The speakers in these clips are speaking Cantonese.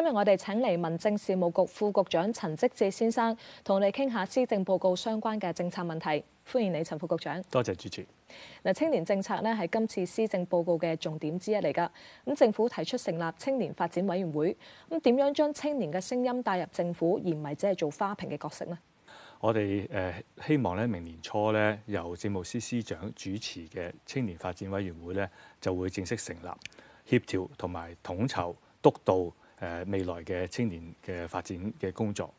今日我哋請嚟民政事務局副局長陳積志先生，同你傾下施政報告相關嘅政策問題。歡迎你，陳副局長。多謝主持。嗱，青年政策呢係今次施政報告嘅重點之一嚟噶。咁政府提出成立青年發展委員會，咁點樣將青年嘅聲音帶入政府，而唔係只係做花瓶嘅角色呢？我哋誒希望咧，明年初咧由政務司司長主持嘅青年發展委員會呢，就會正式成立，協調同埋統籌督導。誒未來嘅青年嘅發展嘅工作，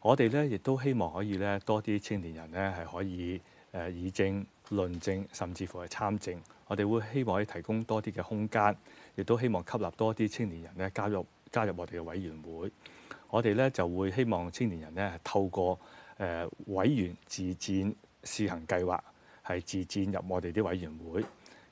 我哋咧亦都希望可以咧多啲青年人呢係可以誒議政、論政，甚至乎係參政。我哋會希望可以提供多啲嘅空間，亦都希望吸納多啲青年人咧加入加入我哋嘅委員會。我哋呢就會希望青年人呢係透過誒委員自薦試行計劃，係自薦入我哋啲委員會。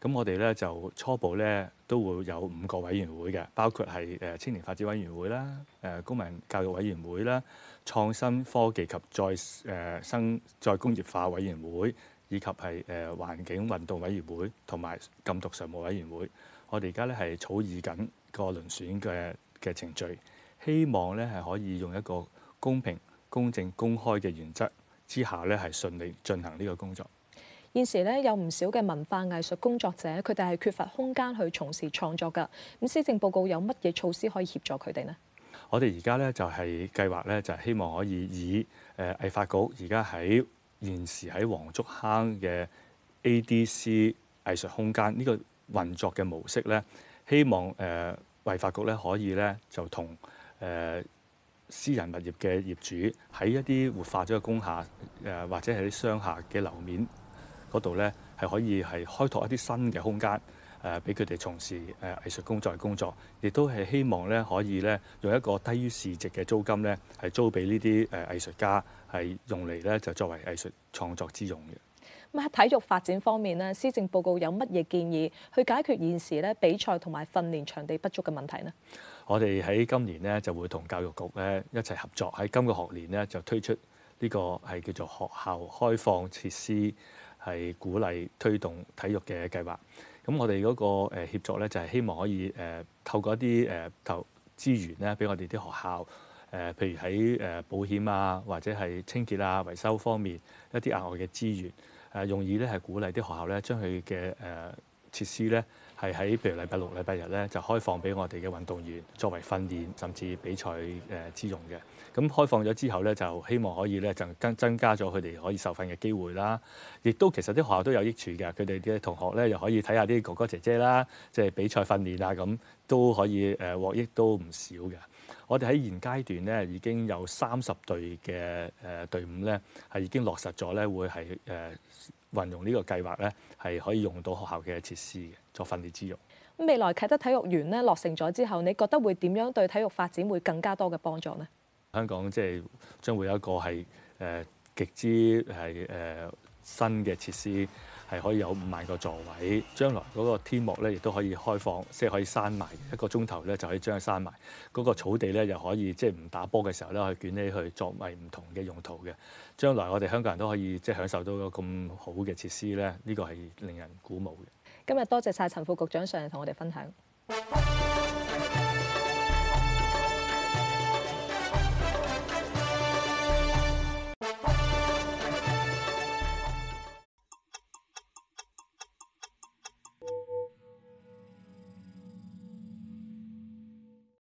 咁我哋咧就初步咧都會有五個委員會嘅，包括係誒青年發展委員會啦、誒、呃、公民教育委員會啦、創新科技及再誒生、呃、再工業化委員會，以及係誒、呃、環境運動委員會同埋禁毒常務委員會。我哋而家咧係草擬緊個遴選嘅嘅程序，希望咧係可以用一個公平、公正、公開嘅原則之下咧係順利進行呢個工作。現時咧有唔少嘅文化藝術工作者，佢哋係缺乏空間去從事創作嘅。咁施政報告有乜嘢措施可以協助佢哋呢？我哋而家咧就係、是、計劃咧，就係、是、希望可以以誒、呃、藝發局而家喺現時喺黃竹坑嘅 ADC 藝術空間呢個運作嘅模式咧，希望誒藝發局咧可以咧就同誒、呃、私人物業嘅業主喺一啲活化咗嘅工廈誒、呃、或者喺商廈嘅樓面。嗰度咧係可以係開拓一啲新嘅空間，誒俾佢哋從事誒藝術工作嘅工作，亦都係希望咧可以咧用一個低於市值嘅租金咧係租俾呢啲誒藝術家係用嚟咧就作為藝術創作之用嘅。咁喺體育發展方面呢，施政報告有乜嘢建議去解決現時咧比賽同埋訓練場地不足嘅問題呢？我哋喺今年呢，就會同教育局咧一齊合作，喺今個學年呢，就推出呢個係叫做學校開放設施，係鼓勵推動體育嘅計劃，咁我哋嗰個誒協助咧，就係、是、希望可以誒、呃、透過一啲誒、呃、投資源咧，俾我哋啲學校誒、呃，譬如喺誒、呃、保險啊，或者係清潔啊、維修方面一啲額外嘅資源，誒用以咧係鼓勵啲學校咧將佢嘅誒，呃設施咧係喺譬如禮拜六、禮拜日咧就開放俾我哋嘅運動員作為訓練甚至比賽誒之用嘅。咁開放咗之後咧，就希望可以咧就增增加咗佢哋可以受訓嘅機會啦。亦都其實啲學校都有益處嘅，佢哋啲同學咧又可以睇下啲哥哥姐姐啦，即係比賽訓練啊，咁都可以誒獲益都唔少嘅。我哋喺現階段咧，已經有三十隊嘅誒、呃、隊伍咧，係已經落實咗咧，會係誒運用呢個計劃咧，係可以用到學校嘅設施嘅，作訓練之用。未來啟德體育園咧落成咗之後，你覺得會點樣對體育發展會更加多嘅幫助呢？香港即係將會有一個係誒、呃、極之係誒。呃新嘅設施係可以有五萬個座位，將來嗰個天幕咧亦都可以開放，即係可以閂埋一個鐘頭咧就可以將佢閂埋，嗰、那個草地咧又可以即係唔打波嘅時候咧可以捲起去作為唔同嘅用途嘅。將來我哋香港人都可以即係享受到咁好嘅設施咧，呢、這個係令人鼓舞嘅。今日多謝晒陳副局長上嚟同我哋分享。